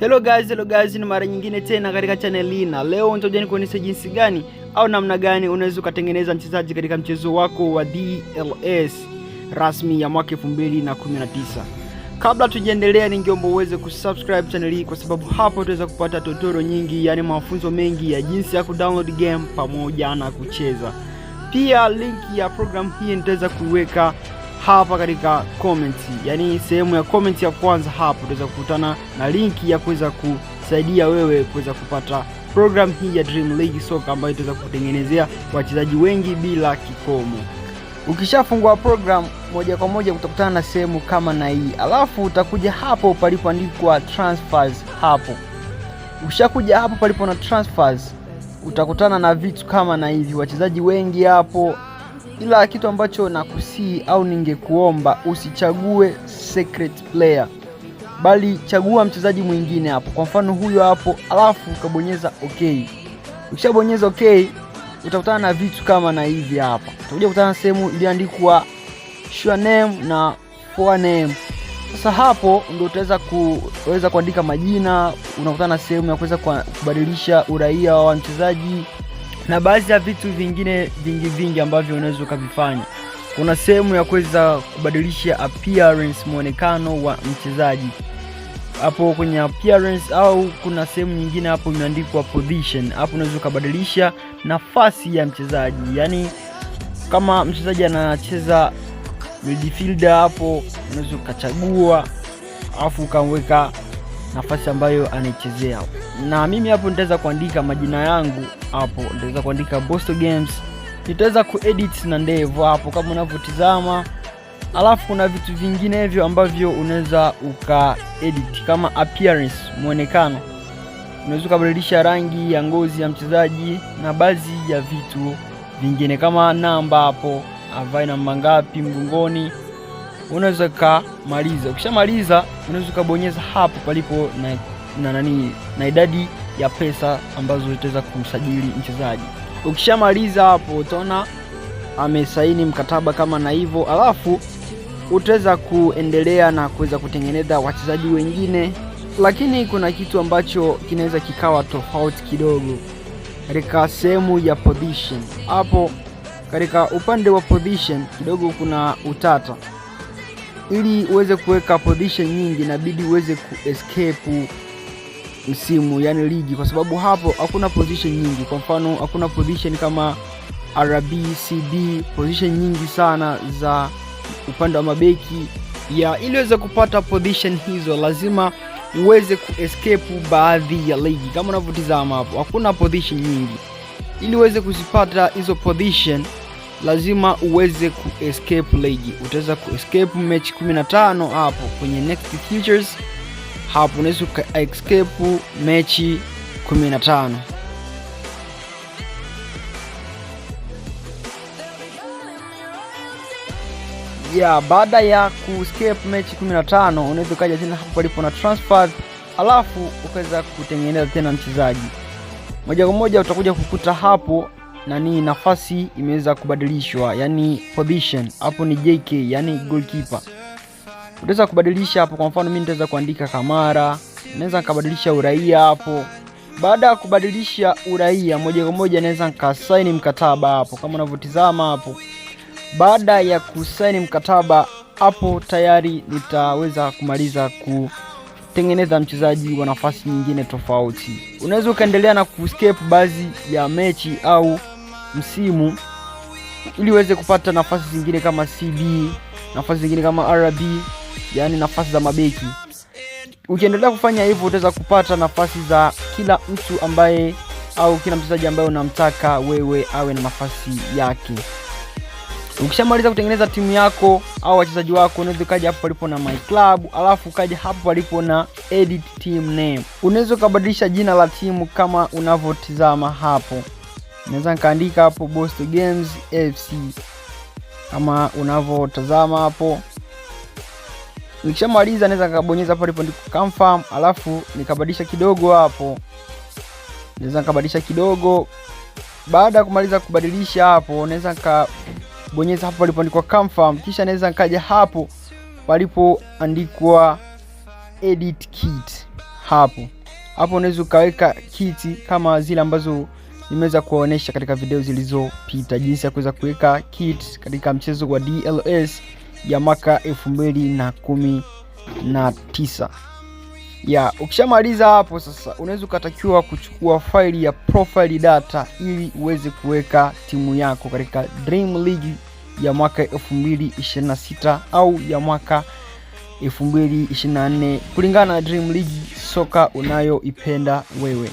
Hello guys, hello guys, ni mara nyingine tena katika channel hii na leo nitakuja nikuonyesha jinsi gani au namna gani unaweza ukatengeneza mchezaji katika mchezo wako wa DLS rasmi ya mwaka 2019. Kabla tujaendelea, ningeomba uweze kusubscribe channel hii kwa sababu hapo utaweza kupata totoro nyingi, yani mafunzo mengi ya jinsi ya kudownload game pamoja na kucheza. Pia linki ya programu hii nitaweza kuiweka hapa katika comment, yani sehemu ya comment ya kwanza hapo utaweza kukutana na linki ya kuweza kusaidia wewe kuweza kupata program hii ya Dream League Soka ambayo itaweza kutengenezea wachezaji wengi bila kikomo. Ukishafungua program moja kwa moja utakutana na sehemu kama na hii, alafu utakuja hapo palipoandikwa transfers. Hapo ukishakuja hapo palipo na transfers, utakutana na vitu kama na hivi, wachezaji wengi hapo ila kitu ambacho nakusii au ningekuomba usichague secret player, bali chagua mchezaji mwingine hapo, kwa mfano huyo hapo, alafu ukabonyeza ok Ukishabonyeza ok utakutana na vitu kama na hivi hapa, utakuja kutana na sehemu iliyoandikwa sure name na for name. Sasa hapo ndio utaweza kuweza kuandika majina, unakutana na sehemu ya kuweza kubadilisha uraia wa mchezaji na baadhi ya vitu vingine vingi vingi ambavyo unaweza ukavifanya. Kuna sehemu ya kuweza kubadilisha appearance, mwonekano wa mchezaji hapo kwenye appearance, au kuna sehemu nyingine hapo imeandikwa position. Hapo unaweza ukabadilisha nafasi ya mchezaji, yaani kama mchezaji anacheza midfielder, hapo unaweza ukachagua afu ukaweka nafasi ambayo anaichezea na mimi hapo nitaweza kuandika majina yangu hapo, nitaweza kuandika Bosto Games, nitaweza kuedit na ndevu hapo kama unavyotizama. Alafu kuna vitu vinginevyo ambavyo unaweza ukaedit kama appearance, mwonekano. Unaweza ukabadilisha rangi ya ngozi ya mchezaji na baadhi ya vitu vingine kama namba hapo, avae namba ngapi mgongoni. Unaweza ukamaliza, ukishamaliza unaweza ukabonyeza hapo palipo na na nani na idadi ya pesa ambazo itaweza kumsajili mchezaji. Ukishamaliza hapo utaona amesaini mkataba kama na hivyo, alafu utaweza kuendelea na kuweza kutengeneza wachezaji wengine, lakini kuna kitu ambacho kinaweza kikawa tofauti kidogo katika sehemu ya position. Hapo katika upande wa position kidogo kuna utata. Ili uweze kuweka position nyingi, inabidi uweze kuescape msimu, yani ligi, kwa sababu hapo hakuna position nyingi. Kwa mfano hakuna position kama RB, CB, position nyingi sana za upande wa mabeki ya ili uweze kupata position hizo lazima uweze kuescape baadhi ya ligi. Kama unavyotizama hapo, hakuna position nyingi. Ili uweze kuzipata hizo position lazima uweze kuescape ligi. Utaweza kuescape mechi 15 hapo kwenye next features hapo unaweza escape mechi 15. Yeah, baada ya kuscape mechi 15 unaweza ukaja tena hapo palipo na transfer, alafu ukaweza kutengeneza tena mchezaji moja kwa moja. Utakuja kukuta hapo nani, nafasi imeweza kubadilishwa, yani position hapo ni JK, yani goalkeeper. Unaweza kubadilisha hapo. Kwa mfano mimi nitaweza kuandika Kamara, naweza nikabadilisha uraia hapo. Baada ya kubadilisha uraia, moja kwa moja naweza nikasaini mkataba hapo, kama unavyotizama hapo. Baada ya kusaini mkataba hapo, tayari nitaweza kumaliza ku tengeneza mchezaji wa nafasi nyingine tofauti. Unaweza ukaendelea na kuscape baadhi ya mechi au msimu ili uweze kupata nafasi zingine kama CB, nafasi zingine kama RB yani nafasi za mabeki. Ukiendelea kufanya hivyo, utaweza kupata nafasi za kila mtu ambaye au kila mchezaji ambaye unamtaka wewe awe na nafasi yake. Ukishamaliza kutengeneza timu yako au wachezaji wako, unaweza ukaja hapo palipo na my club, alafu ukaja hapo palipo na edit team name. Unaweza ukabadilisha jina la timu kama unavyotizama hapo. Naweza nikaandika hapo Boston Games FC kama unavyotazama hapo. Nikishamaliza naweza kabonyeza pale point confirm, alafu nikabadilisha kidogo hapo, naweza nikabadilisha kidogo. Baada ya kumaliza kubadilisha hapo, naweza nikabonyeza hapo palipoandikwa confirm, kisha naweza nikaja hapo palipoandikwa edit kit. Hapo hapo unaweza ukaweka kit kama zile ambazo nimeweza kuonesha katika video zilizopita, jinsi ya kuweza kuweka kit katika mchezo wa DLS ya mwaka elfu mbili na kumi na tisa. Ya, ukishamaliza hapo sasa unaweza ukatakiwa kuchukua faili ya profile data ili uweze kuweka timu yako katika Dream League ya mwaka 2026 au ya mwaka 2024 kulingana na Dream League soka unayoipenda wewe.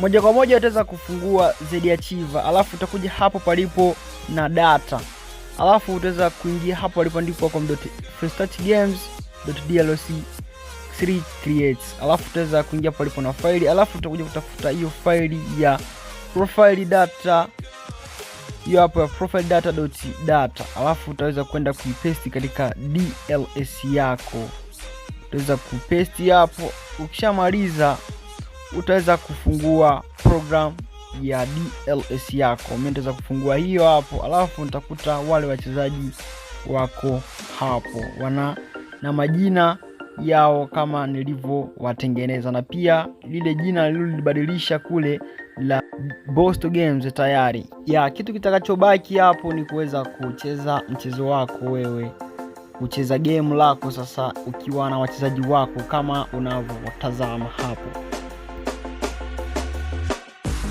Moja kwa moja utaweza kufungua ZD alafu utakuja hapo palipo na data alafu utaweza kuingia hapo alipoandikwa.frestachigames.dlc3creates alafu utaweza kuingia alipo na faili, alafu utakuja kutafuta hiyo faili ya profile data hiyo hapo ya profile data dot data, alafu utaweza kwenda kuipesti katika DLS yako, utaweza kupesti hapo. Ukishamaliza utaweza kufungua program ya DLS yako. Mimi nitaweza kufungua hiyo hapo, alafu nitakuta wale wachezaji wako hapo wana na majina yao kama nilivyowatengeneza, na pia lile jina lilolibadilisha kule la Boston Games tayari ya kitu kitakachobaki hapo ni kuweza kucheza mchezo wako wewe, kucheza game lako sasa, ukiwa na wachezaji wako kama unavyotazama hapo.